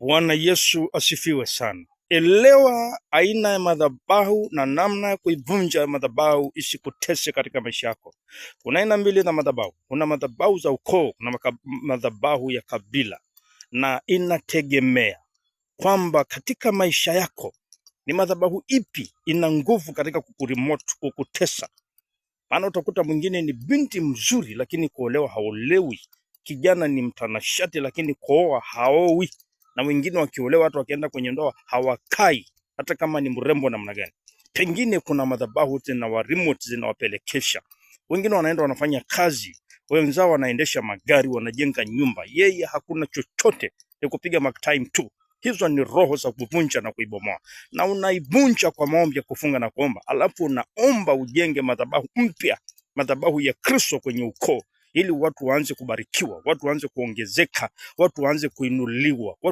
Bwana Yesu asifiwe sana. Elewa aina ya madhabahu na namna ya kuivunja madhabahu isikutese katika maisha yako. Kuna aina mbili za madhabahu. Kuna madhabahu za ukoo, kuna madhabahu ya kabila, na inategemea kwamba katika maisha yako ni madhabahu ipi ina nguvu katika kukurimoto, kukutesa. Maana utakuta mwingine ni binti mzuri, lakini kuolewa haolewi. Kijana ni mtanashati, lakini kuoa haowi na wengine wakiolewa, watu wakienda kwenye ndoa hawakai, hata kama ni mrembo namna gani. Pengine kuna madhabahu tena wa remote zinawapelekesha, wengine wanaenda wanafanya kazi, wenzao wanaendesha magari, wanajenga nyumba, yeye hakuna chochote, ni kupiga mark time tu. Hizo ni roho za kuvunja na kuibomoa, na unaivunja kwa maombi ya kufunga na kuomba, alafu unaomba ujenge madhabahu mpya, madhabahu ya Kristo kwenye ukoo, ili watu waanze kubarikiwa, watu waanze kuongezeka, watu waanze kuinuliwa, watu